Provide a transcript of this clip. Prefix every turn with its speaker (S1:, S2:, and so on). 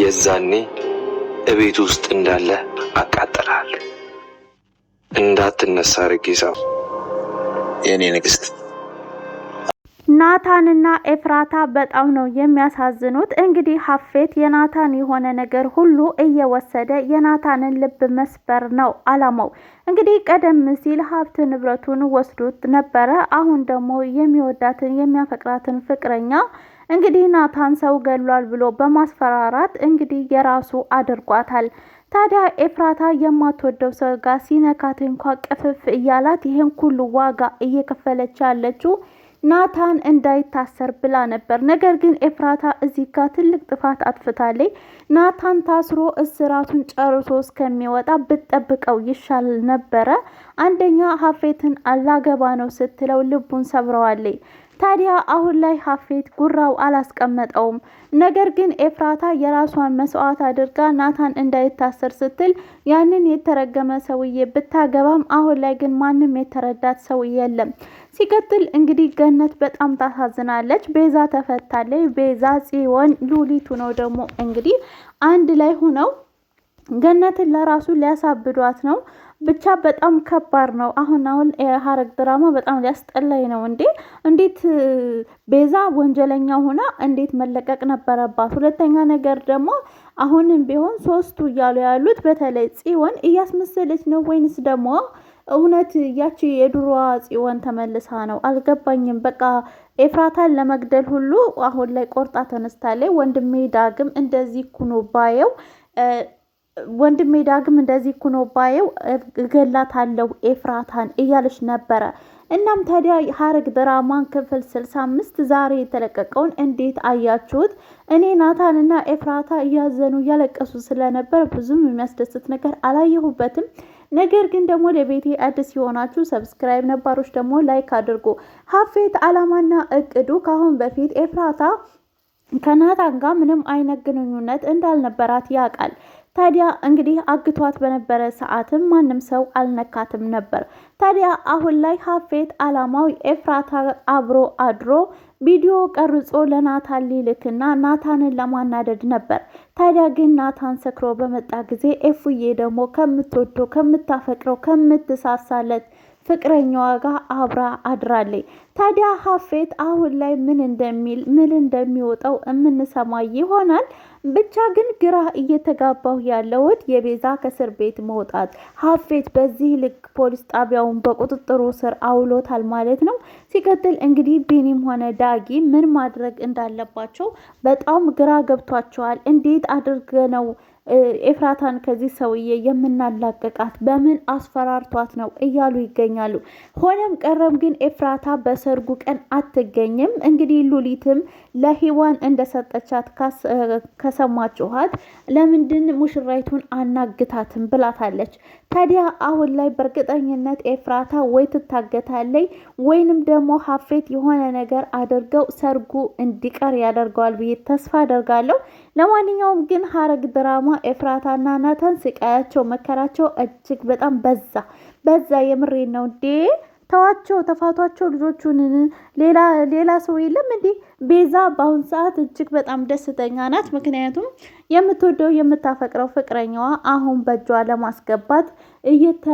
S1: የዛኔ እቤት ውስጥ እንዳለ አቃጥልሃል። እንዳትነሳ ርጌሳው የኔ ንግስት።
S2: ናታንና ኤፍራታ በጣም ነው የሚያሳዝኑት። እንግዲህ ሀፌት የናታን የሆነ ነገር ሁሉ እየወሰደ የናታንን ልብ መስበር ነው አላማው። እንግዲህ ቀደም ሲል ሀብት ንብረቱን ወስዶት ነበረ። አሁን ደግሞ የሚወዳትን የሚያፈቅራትን ፍቅረኛ እንግዲህ ናታን ሰው ገሏል ብሎ በማስፈራራት እንግዲህ የራሱ አድርጓታል። ታዲያ ኤፍራታ የማትወደው ሰው ጋር ሲነካት እንኳ ቅፍፍ እያላት ይህን ሁሉ ዋጋ እየከፈለች ያለችው ናታን እንዳይታሰር ብላ ነበር። ነገር ግን ኤፍራታ እዚህ ጋር ትልቅ ጥፋት አጥፍታለች። ናታን ታስሮ እስራቱን ጨርሶ እስከሚወጣ ብትጠብቀው ይሻል ነበረ። አንደኛ ሀፌትን አላገባ ነው ስትለው ልቡን ሰብረዋለች። ታዲያ አሁን ላይ ሀፌት ጉራው አላስቀመጠውም። ነገር ግን ኤፍራታ የራሷን መስዋዕት አድርጋ ናታን እንዳይታሰር ስትል ያንን የተረገመ ሰውዬ ብታገባም አሁን ላይ ግን ማንም የተረዳት ሰው የለም። ሲቀጥል እንግዲህ ገነት በጣም ታሳዝናለች። ቤዛ ተፈታለች። ቤዛ ጽዮን ሉሊቱ ነው ደግሞ እንግዲህ አንድ ላይ ሆነው ገነትን ለራሱ ሊያሳብዷት ነው። ብቻ በጣም ከባድ ነው። አሁን አሁን የሀረግ ድራማ በጣም ሊያስጠላኝ ነው። እንዴ እንዴት ቤዛ ወንጀለኛ ሆና እንዴት መለቀቅ ነበረባት? ሁለተኛ ነገር ደግሞ አሁንም ቢሆን ሶስቱ እያሉ ያሉት በተለይ ጽዮን እያስመሰለች ነው ወይንስ ደግሞ እውነት ያቺ የድሮዋ ጽዮን ተመልሳ ነው? አልገባኝም። በቃ ኤፍራታን ለመግደል ሁሉ አሁን ላይ ቆርጣ ተነስታለች። ወንድሜ ዳግም እንደዚህ ኩኖ ባየው ወንድሜ ዳግም እንደዚህ ኩኖ ነው ባየው እገላታለሁ ኤፍራታን እያለች ነበረ። እናም ታዲያ ሀረግ ድራማን ክፍል ስልሳ አምስት ዛሬ የተለቀቀውን እንዴት አያችሁት? እኔ ናታንና ኤፍራታ እያዘኑ እያለቀሱ ስለነበር ብዙም የሚያስደስት ነገር አላየሁበትም። ነገር ግን ደግሞ ለቤቴ አዲስ የሆናችሁ ሰብስክራይብ፣ ነባሮች ደግሞ ላይክ አድርጉ። ሀፌት አላማና እቅዱ ከአሁን በፊት ኤፍራታ ከናታን ጋር ምንም አይነት ግንኙነት እንዳልነበራት ያውቃል። ታዲያ እንግዲህ አግቷት በነበረ ሰዓትም ማንም ሰው አልነካትም ነበር። ታዲያ አሁን ላይ ሀፌት አላማው ኤፍራታ አብሮ አድሮ ቪዲዮ ቀርጾ ለናታን ሊልክና ናታንን ለማናደድ ነበር። ታዲያ ግን ናታን ሰክሮ በመጣ ጊዜ ኤፉዬ ደግሞ ከምትወደው ከምታፈቅረው ከምትሳሳለት ፍቅረኛዋ ጋር አብራ አድራለች። ታዲያ ሀፌት አሁን ላይ ምን እንደሚል ምን እንደሚወጣው የምንሰማ ይሆናል። ብቻ ግን ግራ እየተጋባሁ ያለሁት የቤዛ ከእስር ቤት መውጣት ሀፌት በዚህ ልክ ፖሊስ ጣቢያውን በቁጥጥሩ ስር አውሎታል ማለት ነው። ሲቀጥል እንግዲህ ቢኒም ሆነ ዳጊ ምን ማድረግ እንዳለባቸው በጣም ግራ ገብቷቸዋል። እንዴት አድርገ ነው ኤፍራታን ከዚህ ሰውዬ የምናላቀቃት በምን አስፈራርቷት ነው እያሉ ይገኛሉ። ሆነም ቀረም ግን ኤፍራታ በሰርጉ ቀን አትገኝም። እንግዲህ ሉሊትም ለሂዋን እንደሰጠቻት ከሰማችኋት ለምንድን ሙሽራይቱን አናግታትም ብላታለች። ታዲያ አሁን ላይ በእርግጠኝነት ኤፍራታ ወይ ትታገታለይ ወይንም ደግሞ ሀፌት የሆነ ነገር አድርገው ሰርጉ እንዲቀር ያደርገዋል ብዬ ተስፋ አደርጋለሁ። ለማንኛውም ግን ሀረግ ድራማ ኤፍራታና ናተን ስቃያቸው መከራቸው እጅግ በጣም በዛ በዛ። የምሬ ነው እንዴ ተዋቸው፣ ተፋቷቸው ልጆቹን። ሌላ ሌላ ሰው የለም እንዴ? ቤዛ በአሁን ሰዓት እጅግ በጣም ደስተኛ ናት። ምክንያቱም የምትወደው የምታፈቅረው ፍቅረኛዋ አሁን በእጇ ለማስገባት እየተ